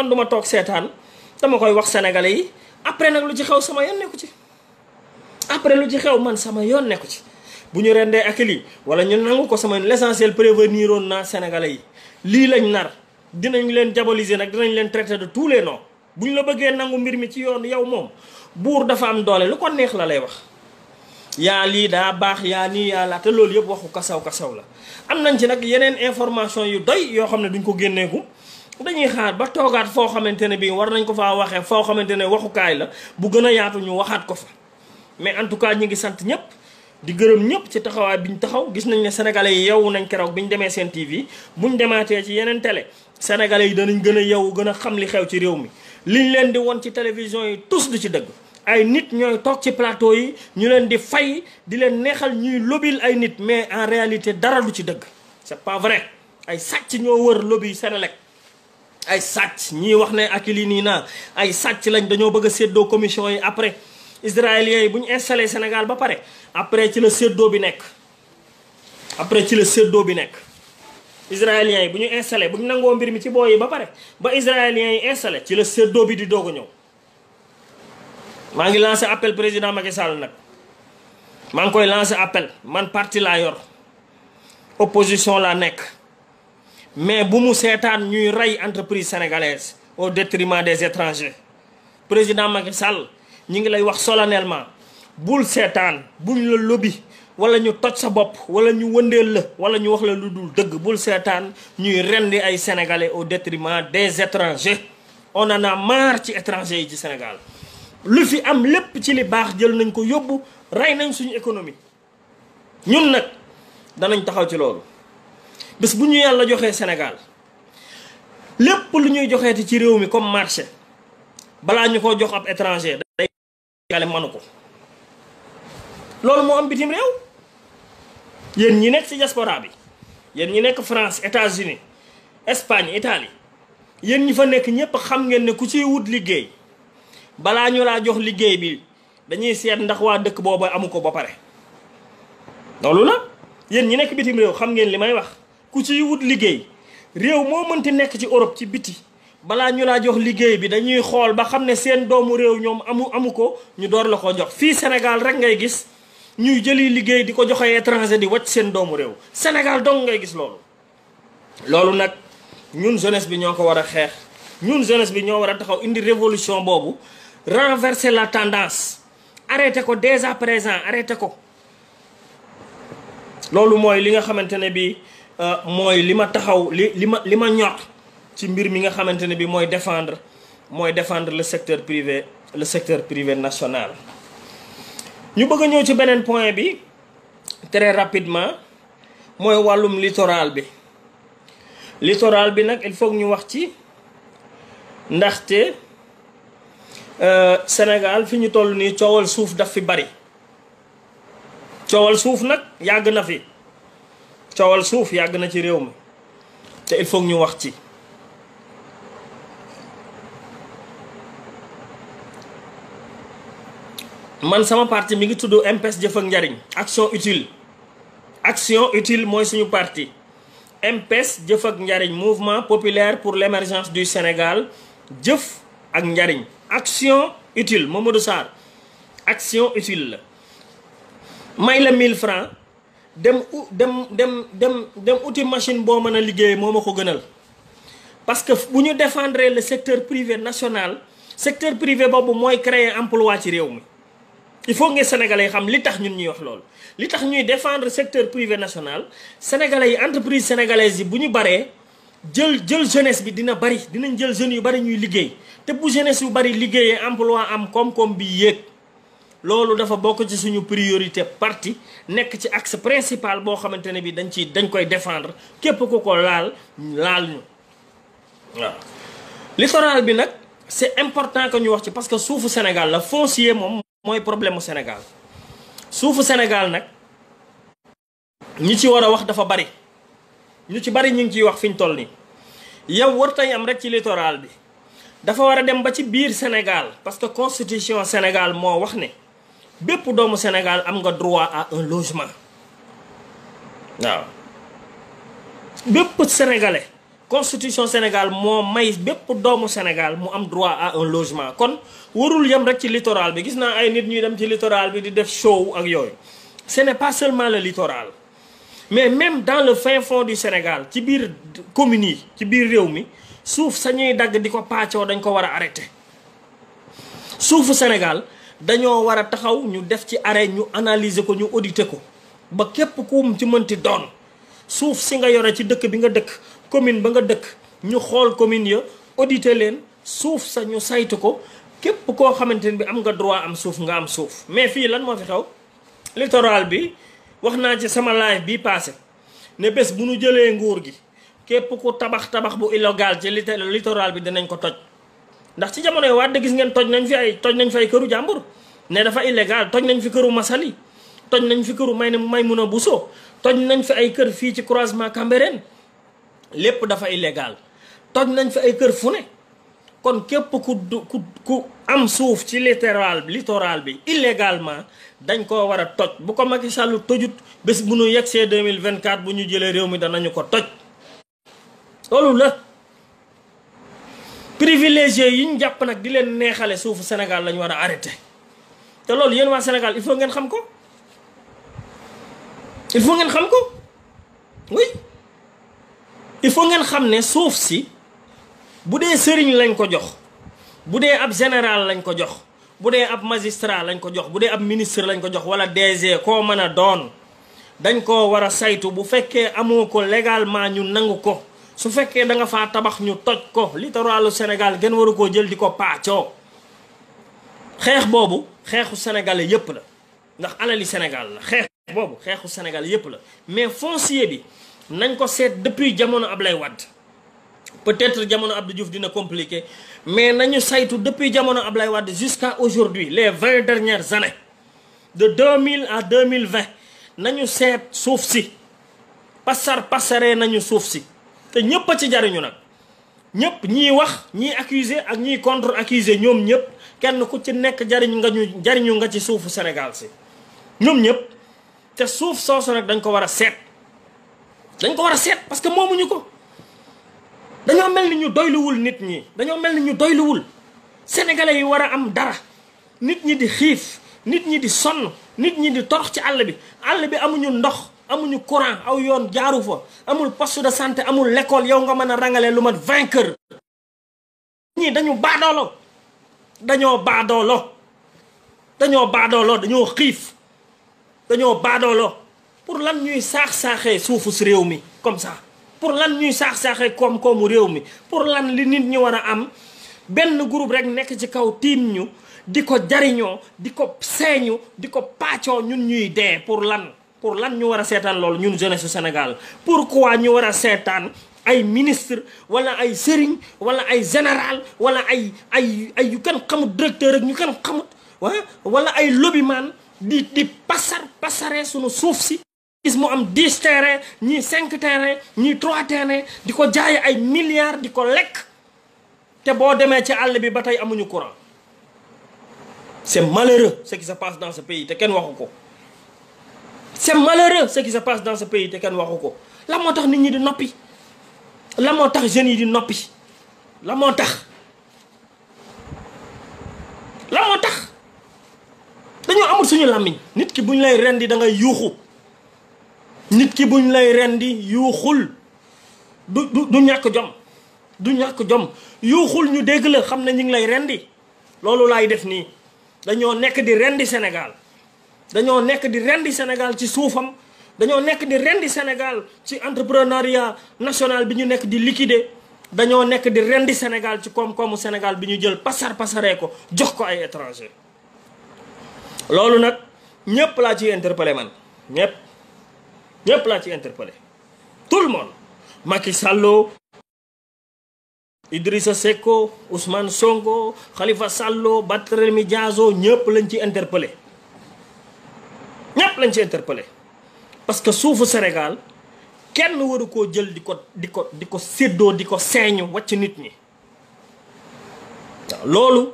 man du ma toog seetaan dama koy wax sénégalais yi après nag lu ci xew sama yoon nekku ci après lu ci xew man sama yoon nekku ci bu ñu rendee ak lii wala ñu nangu ko sama yoon l'essentiel prévenir woon naa sénégalais yi lii lañ nar dinañ leen diaboliser nag dinañ leen traiter de tous les noms bu ñu la bëggee nangu mbir mi ci yoon yow moom buur dafa am doole lu ko neex la lay wax yaa lii daa baax yaa nii yaa laa te loolu yëpp waxu kasaw kasaw la am nañ ci nag yeneen information yu doy yoo xam ne duñ ko génneeku dañuy xaar ba toogaat foo xamante ne bii war nañ ko faa waxee foo xamante ne waxukaay la bu gën a yaatu ñu waxaat ko fa mais en tout cas ñu ngi sant ñëpp di gërëm ñëpp ci taxawaay bi ñu taxaw gis nañ ne sénégalais yi yow nañ keroog bi ñu demee seen TV ñu demaatee ci yeneen télé sénégalais yi danañ gën a yow gën a xam li xew ci réew mi li liñ leen di won ci télévision yi tous du ci dëgg ay nit ñooy toog ci plateau yi ñu leen di fay di leen neexal ñuy lobil ay nit mais en réalité dara du ci dëgg c'est pas vrai ay sàcc ñoo wër lobi Sénélec ay sàcc ñii wax ne ak lii nii naa ay sàcc lañ dañoo bëgg a séddoo commission yi après israéliens yi bu ñu installé Sénégal ba pare après ci la séddoo bi nekk après ci la séddoo bi nekk israéliens yi bu ñu installé bu ñu nangoo mbir mi ci booy yi ba pare ba israéliens yi installé ci la séddoo bi di doog ñëw maa ngi lancé appel président Macky Sall nag maa ngi koy lancé appel man parti laa yor opposition laa nekk mais bu mu seetaan ñuy rey entreprise sénégalaise au détriment des étrangers président Macky Sall ñi ngi lay wax solennellement bul seetaan buñ la lobby wala ñu toj sa bopp wala ñu wëndeel la wala ñu wax la lu dul dëgg bul seetaan ñuy rendi ay sénégalais au détriment des étrangers on en a marre ci étrangers yi ci Sénégal lu fi am lépp ci li baax jël nañ ko yóbbu rey nañ suñu économie ñun nag danañ taxaw ci loolu bés bu ñu yàlla joxee Sénégal lépp lu ñuy joxeeti ci réew mi comme marché balaa ñu ko jox ab étranger day gale manu ko loolu moo am bitim réew yéen ñi nekk ci diaspora bi yéen ñi nekk France États-Unis Espagne Italie yéen ñi fa nekk ñépp xam ngeen ne ku ciy wut liggéey balaa ñu laa jox liggéey bi dañuy seet ndax waa dëkk boobu amu ko ba pare loolu la yéen ñi nekk bitim réew xam ngeen li may wax ku ciy wut liggéey réew moo mënti nekk ci Europe ci biti balaa ñu laa jox liggéey bi dañuy xool ba xam ne seen doomu réew ñoom amu amu ko ñu door la ko jox fii Sénégal rek ngay gis ñuy jëli liggéey di ko joxee étranger di wàcc seen doomu réew Sénégal dong ngay gis loolu. loolu nag ñun jeunesse bi ñoo ko war a xeex ñun jeunesse bi ñoo war a taxaw indi révolution boobu renverser la tendance arrêté ko dès à présent arrêté ko loolu mooy li nga xamante Euh, mooy li ma taxaw li li ma li ma ñor ci mbir mi nga xamante ne bi mooy défendre mooy défendre le secteur privé le secteur privé nationale ñu bëgg a ñëw ci beneen point bi très rapidement mooy wàllum littoral bi littoral bi nag il faut ñu wax ci ndaxte euh, Sénégal fi ñu toll nii coowal suuf daf fi bari coowal suuf nag yàgg na fi coowal suuf yàgg na ci réew mi te il faut ñu wax ci man sama parti mi ngi tudd MPES jëf ak njariñ action utile action utile mooy suñu parti MPES jëf ak njariñ mouvement populaire pour l'émergence du Sénégal jëf ak njariñ action utile Mamadou Sarr action utile la may la 1000 francs dem u dem dem dem dem uti machine boo mën a liggéey moo ma ko gënal parce que bu ñu defendre le secteur privé national secteur privé boobu mooy créer emploi ci réew mi il faut nga sénégalais yi xam li tax ñun ñuy wax loolu li tax ñuy defendre secteur privé national sénégalais yi entreprise sénégalaise yi bu ñu baree jël jël jeunesse bi dina bari dinañ jël jeunes yu bari ñuy liggéey te bu jeunesse yu bari liggéeyee emploi am koom-koom bi yéeg loolu dafa bokk ci suñu priorité parti nekk ci axe principal boo xamante ne bi dañ ci dañ koy défendre képp ku ko laal laal ñu waaw littoral bi nag c'est important que ñu wax ci parce que suufu Sénégal la foncier moom mooy problème mu Sénégal suufu Sénégal nag ñi ci war a wax dafa bari ñu ci bari ñu ngi ciy wax fi ñu toll nii yow warta yam rek ci littoral bi dafa war a dem ba ci biir Sénégal parce que constitution Sénégal moo wax ne bépp doomu Sénégal am nga droit à un logement waaw bépp sénégalais constitution Sénégal moo may bépp doomu Sénégal mu am droit à un logement kon warul yem rek ci littoral bi gis naa ay nit ñuy dem ci littoral bi di def show ak yooyu ce n'est pas seulement le littoral mais même dans le fin fond du Sénégal ci biir communes yi ci biir réew mi suuf sañuy dagg di ko paccoo dañ ko war a arrêté suufu Sénégal dañoo war a taxaw ñu def ci arrêt ñu analyser ko ñu auditer ko ba képp kum ci mënti doon suuf si nga yore ci dëkk bi nga dëkk commune ba nga dëkk ñu xool commune ya auditer leen suuf sa ñu saytu ko képp koo xamante ne bi am nga droit am suuf nga am suuf mais fii lan moo fi xew littoral bi wax naa ci sama live bi passé ne bés bu nu jëlee nguur gi képp ku tabax tabax bu illégal ci littoral bi dinañ ko toj ndax ci jamono jamonoy de gis ngeen toj nañ fi ay toj nañ fi ay këru jàmbur ne dafa illégal toj nañ fi këru Massaly toj nañ fi këru may Maïmouna Bousso toj nañ fi ay kër fii ci croisement Cambérène lépp dafa illégal toj nañ fi ay kër fu ne kon képp ku ku ku am suuf ci littoral littoral bi illégalement dañ koo war a toj bu ko Macky Sall tojut bés bu see mille vingt 2024 bu ñu jëlee réew mi danañu ko toj loolu la privilégié yi ñu jàpp nag di leen neexale suufu Sénégal lañu war a arrêté te loolu yéen waa Sénégal il faut ngeen xam ko il faut ngeen xam ko oui il faut ngeen xam ne suuf si bu dee sëriñ lañ ko jox bu dee ab général lañ ko jox bu dee ab magistrat lañ ko jox bu dee ab ministre lañ ko jox wala DG koo mën a doon dañ koo war a saytu bu fekkee amoo ko légalement ñu nangu ko su fekkee da nga faa tabax ñu toj ko littoralu Sénégal gën waru koo jël di ko paacoo xeex boobu xeexu sénégalais yépp la ndax alali Sénégal la xeex boobu xeexu Sénégal yépp la mais foncier bi nañ ko seet depuis jamono Ablaye Wade peut-être jamono Abdou Diouf dina compliqué mais nañu saytu depuis jamono Ablaye Wade jusqu'à aujourd'hui les vingt dernières années de 2000 à 2020 nañu seet suuf si pasar pasaree nañu suuf si te ñëpp a ci jariñu nag ñëpp ñii wax ñii accusé ak ñii contre accusé ñoom ñëpp kenn ku ci nekk jariñ nga ñu jariñu nga ci suufu Sénégal si ñoom ñëpp te suuf soosu nag dañ ko war a seet dañ ko war a seet parce que moomuñu ko dañoo mel ni ñu doyluwul nit ñi dañoo mel ni ñu doyluwul sénégalais yi war a am dara nit ñi di xiif nit ñi di sonn nit ñi di torox ci àll bi àll bi amuñu ndox amuñu courant aw yoon jaaru fa amul poste de santé amul l'école yow nga mën a rangale lu mat vingt kër ñii dañu baadoolo dañoo baadoolo dañoo baadoolo dañoo xiif dañoo baadoolo pour lan ñuy saax-saaxee suufu si réew mi comme ça pour lan ñuy saax-saaxee koom-koomu réew mi pour lan li nit ñi war a am benn groupe rek nekk ci kaw tiim ñu di ko jariñoo di ko seeñu di ko paccoo ñun ñuy dee pour lan pour lan ñu war a seetaan loolu ñun jeunesse su Sénégal pourquoi ñu war a seetaan ay ministre wala ay sëriñ wala ay général wala ay ay ay yu kenn xamut directeur ak ñu kenn xamut waa ah, wala ay lobbyman di di pasar pasare suñu suuf si gis mu am dix terrain ñi cinq terrain ñii trois terrain di ko jaay ay milliards di ko lekk te boo demee ci àll bi ba tey amuñu courant c'est malheureux ce qui se passe dans ce pays te kenn waxu ko c'est malheureux ce qui se passe dans ce pays te kenn waxu ko la moo tax nit ñi di noppi la moo tax jeunes yi di noppi la moo tax la moo tax dañoo amul suñu làmmiñ nit ki buñ lay rendi da ngay yuuxu nit ki buñ lay rendi yuuxul du du ñàkk jom du ñàkk jom yuuxul ñu dégg la xam ne ñu ngi lay rendi loolu laay def nii dañoo nekk di rendi Sénégal dañoo nekk di rendi senegal ci suufam dañoo nekk di rendi Sénégal ci entrepreneuriat national bi ñu nekk di liquider dañoo nekk di rendi senegal ci koom-koomu senegal bi ñu jël pasar pasaree ko jox ko ay étranger loolu nag ñëpp laa ciy interpellé man ñëpp ñëpp laa ci interpellé tout le monde Macky Sallo Idrissa Seck Ousmane Sonko Khalifa Sallo Barthélémy Dias ñëpp lañ ci interpellé lañ ci interpellé parce que suufu Sénégal kenn waru koo jël di ko di ko di ko séddoo di ko seeñu wàcc nit ñi loolu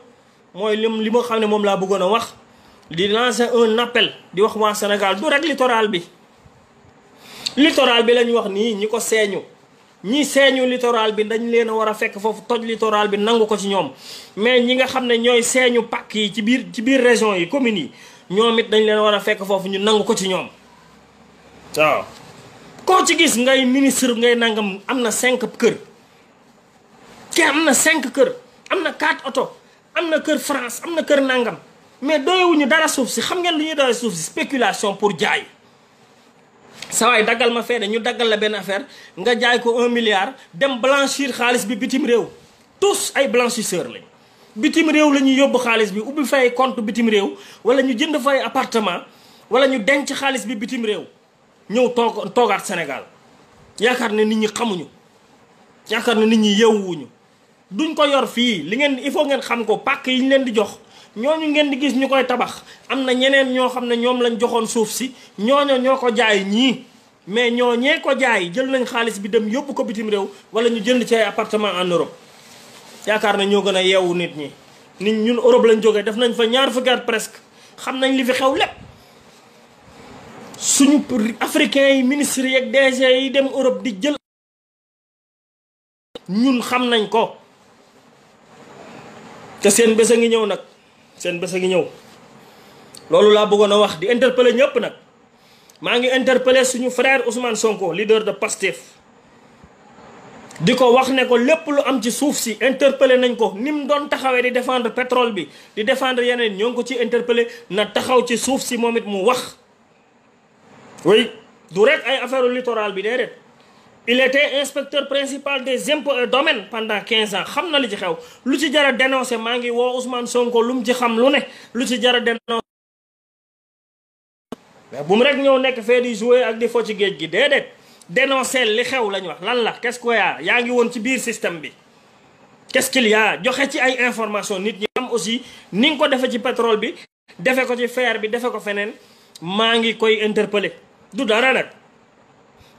mooy lim li ma xam ne moom laa bëggoon a wax di lancer un di wax waa Sénégal du rek littoral bi littoral bi lañ wax nii ñi ko seeñu ñi seeñu littoral bi dañ leen a war a fekk foofu toj littoral bi nangu ko ci ñoom mais ñi nga xam ne ñooy seeñu pàkk yi ci biir ci biir région yi communes yi ñoom it dañ leen war a fekk foofu ñu nangu ko ci ñoom waaw koo ci gis ngay ministre ngay nangam am na cinq kër ke am na cinq kër am na quatre oto am na kër France am na kër nangam mais doyewuñu dara suuf si xam ngeen lu ñuy doye suuf si spéculation pour jaay sawaay daggal ma fee na ñu daggal la benn affaire nga jaay ko un milliard dem blanchir xaalis bi bitim réew tous ay blanchisseur lañ bitim réew la ñuy yóbbu xaalis bi ubbi fay compte bitim réew wala ñu jënd fay appartement wala ñu denc xaalis bi bitim réew ñëw toog toogaat Sénégal yaakaar ne nit ñi xamuñu yaakaar na nit ñi yeewuñu duñ ko yor fii li ngeen il faut ngeen xam ko pàkk yi ñu leen di jox ñooñu ngeen di gis ñu koy tabax am na ñeneen ñoo xam ne ñoom lañ joxoon suuf si ñooño ñoo ko jaay ñii mais ñoo ñee ko jaay jël nañ xaalis bi dem yóbbu ko bitim réew wala ñu jënd ci ay appartement en Europe yaakaar na ñoo gën a yeewu nit ñi nit ñun Europe lañ jógee def nañ fa ñaar fukki presque xam nañ li fi xew lépp suñu africain yi ministres yeeg DG yi dem Europe di jël ñun xam nañ ko te seen bés a ngi ñëw nag seen bés a ngi ñëw loolu laa bëggoon a wax di interpeller ñëpp nag maa ngi interpeller suñu frère Ousmane Sonko leader de Pastef di ko wax ne ko lépp lu am ci suuf si interpellé nañ ko ni mu doon taxawee di défendre pétrole bi di défendre yeneen ñoo ko ci interpellé na taxaw ci suuf si moom it mu wax oui du rek ay affaire littoral bi déedéet il était inspecteur principal des impôts et pendant 15 ans xam na li ci xew lu ci jar a maa ngi woo Ousmane Sonko lu mu ci xam lu ne lu ci jar a dénoncé mais bu mu rek ñëw nekk fee di jouer ak di fo ci géej gi déedéet dénoncer li xew lañu wax lan la qu'est-ce yaa ngi woon ci biir système bi qu'est-ce joxe ci ay information nit ñi am aussi ni nga ko defe ci pétrole bi defe ko ci fer bi defe ko feneen maa ngi koy interpeller du dara nag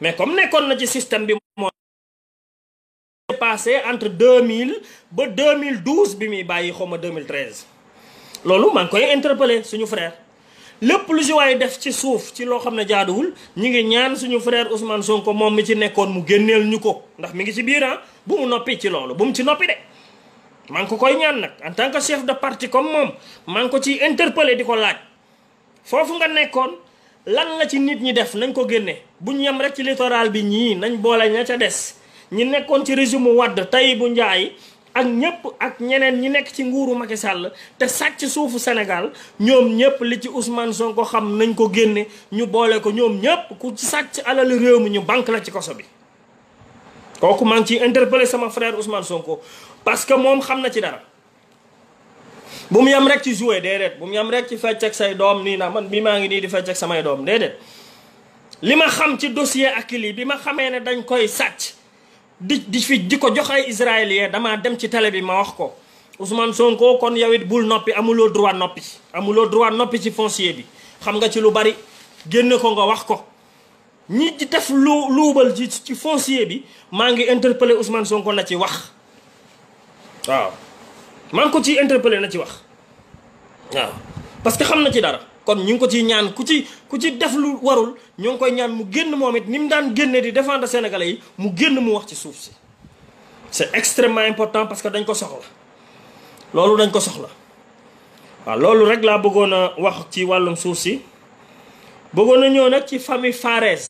mais comme nekkoon na ci système bi moo passé entre 2000 ba 2012 bi muy bàyyi xaw ma 2013 loolu maa ngi koy interpeller suñu frère lépp lu si waaye def ci suuf ci loo xam ne jaaduwul ñu ngi ñaan suñu frère Ousmane ko moom mi ci nekkoon mu génneel ñu ko ndax mi ngi ci biir ah bu mu noppi ci loolu bu mu ci noppi de. maa ngi ko koy ñaan nag en tant que chef de parti comme moom maa ngi ko ciy interpellé di ko laaj foofu nga nekkoon lan la ci nit ñi def nañ ko génne ñu yem rek ci littoral bi ñii nañ boole na ca des ñi nekkoon ci wadd Wade bu Ndiaye. ak ñëpp ak ñeneen ñi nekk ci nguuru Macky Sall te sàcc suufu Sénégal ñoom ñëpp li ci Ousmane Sonko xam nañ ko génne ñu boole ko ñoom ñëpp ku sàcc alali réew mi ñu banque la ci koso bi. kooku maa ngi ciy interpellé sama frère Ousmane Sonko parce que moom xam na ci dara bu mu yem rek ci joué déedéet bu mu yem rek ci fecc ak say doom nii na man bii maa ngi nii di fecc ak samay doom déedéet li ma xam ci ak Akilee bi ma xamee ne dañ koy sàcc. di di fi di ko jox ay israélien damaa dem ci tale bi ma wax ko Ousmane sonkoo kon yow bul noppi amuloo droit noppi amuloo droit noppi ci foncier bi xam nga ci lu bari génne ko nga wax ko ñi di def lu luubal ci ci foncier bi maa ngi interpellé Ousmane Sonko na ci wax waaw maa ngi ko ci interpellé na ci wax waaw parce que xam na ci dara kon ñu ngi ko ciy ñaan ku ci ku ci def lu warul ñoo ngi koy ñaan mu génn moom it ni mu daan génne di défendre sénégalais yi mu génn mu wax ci suuf si. c'est extrêmement important parce que dañ ko soxla loolu dañ ko soxla waaw loolu rek laa bëggoon a wax ci wàllum suuf si bëggoon na ñëw nag ci famille Fares.